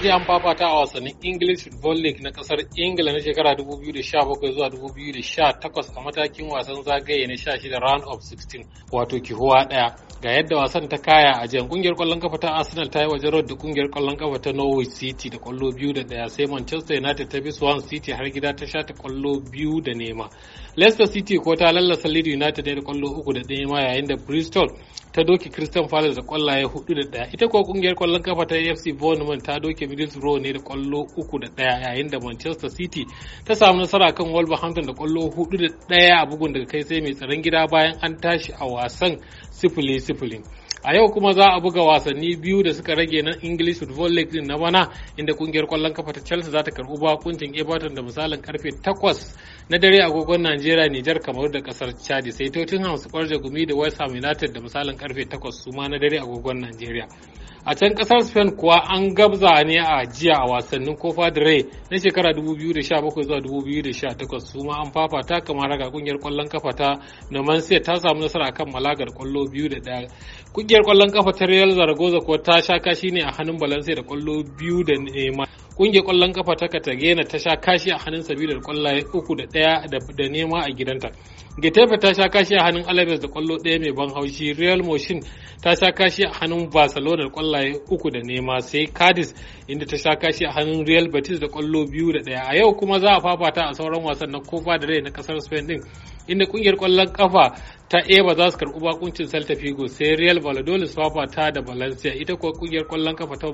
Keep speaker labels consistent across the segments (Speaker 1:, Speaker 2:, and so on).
Speaker 1: jiya an fafata a wasannin English Football League na kasar Ingila na shekara 2017 zuwa 2018 a matakin wasan zagaye na 16 round of 16 wato kihuwa daya. Ga yadda wasan ta kaya a jan kungiyar kwallon kafa ta Arsenal ta yi wajen da kungiyar kwallon kafa ta Norwich City da kwallo biyu da daya sai Manchester United ta bi Swan City har gida ta shata kwallo biyu da nema. Leicester City ko ta lallasa Leeds United da kwallo uku da nema yayin da Bristol ta doki Christian Palace da kwallaye hudu da daya. Ita kuwa kungiyar kwallon kafa ta AFC Bournemouth ta doke Middlesbrough ne da kwallo uku da daya yayin da Manchester City ta samu nasara kan Wolverhampton da kwallo hudu da daya a bugun daga kai sai mai tsaron gida bayan an tashi a wasan sifili sifili. a yau kuma za a buga wasanni biyu da suka rage na english football league din na bana inda kungiyar kwallon kafa ta chelsea za ta karbi bakuncin everton da misalin karfe 8 na dare agogon Najeriya Nijar kamar da kasar Chadi sai Tottenham su kwarje gumi da West Ham United da misalin karfe 8 su ma na dare agogon Najeriya a can kasar spain kuwa an gabza ne a jiya a wasannin copa da rey na shekara 2017 zuwa 2018 su ma an fafata kamar raga kungiyar kwallon kafa ta numancia ta samu nasara akan malagar kwallo biyu da daya kungiyar kwallon kafa ta real zaragoza kuwa ta sha kashi ne a hannun valencia da kwallo biyu da nema kungiyar kwallon kafa ta katagena ta sha kashi a hannun sabidar da kwallaye uku da daya da nema a gidanta getafe ta sha kashi a hannun alaves da kwallo daya mai ban haushi real motion ta sha kashi a hannun barcelona da kwallaye uku da nema sai Cadiz inda ta sha kashi a hannun Real Betis da kwallo biyu da ɗaya. A yau kuma za a fafata a sauran wasan na Copa da Rey na kasar Spain din inda kungiyar kwallon kafa ta eba za su karɓi bakuncin celta figo sai real valladolid su fafata da valencia ita kuwa kungiyar kwallon kafa ta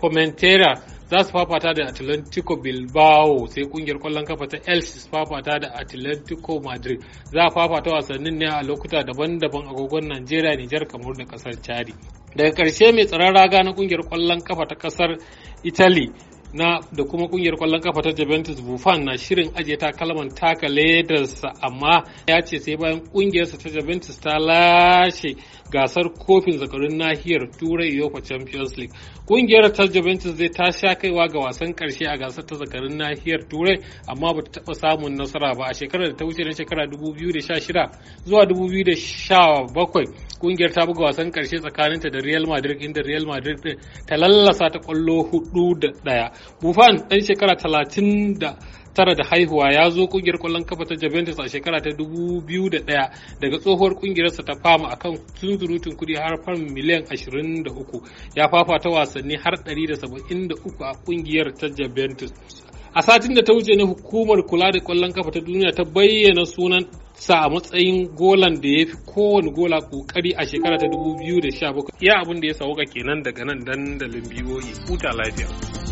Speaker 1: fomentera za su fafata da atlantico bilbao sai kungiyar kwallon kafa ta els su fafata da atlantico madrid za a fafata wasannin ne a lokuta daban-daban agogon nigeria nijar kamar da kasar chadi daga ƙarshe mai tsaron raga na kungiyar kwallon kafa ta kasar italy na da kuma kungiyar kwallon kafa ta Juventus Buffon na shirin ajiye takalman taka ledarsa amma ya ce sai bayan kungiyarsa ta Juventus ta lashe gasar kofin zakarun nahiyar Turai Europa Champions League. Kungiyar ta Juventus zai ta sha kaiwa ga wasan karshe a gasar ta zakarun nahiyar Turai amma ba ta taba samun nasara ba a shekarar da ta wuce na shekara 2016 zuwa 2017 kungiyar ta buga wasan karshe tsakaninta da Real Madrid inda Real Madrid ta lallasa ta kwallo hudu da daya. Buffon ɗan shekara talatin da tara da haihuwa ya zo kungiyar kwallon kafa ta Juventus a shekara ta 2001 daga tsohuwar kungiyarsa ta fama akan tunzurutun kudi har fam miliyan 23 ya fafa ta wasanni har 173 a kungiyar ta Juventus a satin da ta wuce ne hukumar kula da kwallon kafa ta duniya ta bayyana sunan sa a matsayin golan da ya fi kowane gola kokari a shekara ta 2017 ya abin da ya sauka kenan daga nan dandalin biyoyi e. huta lafiya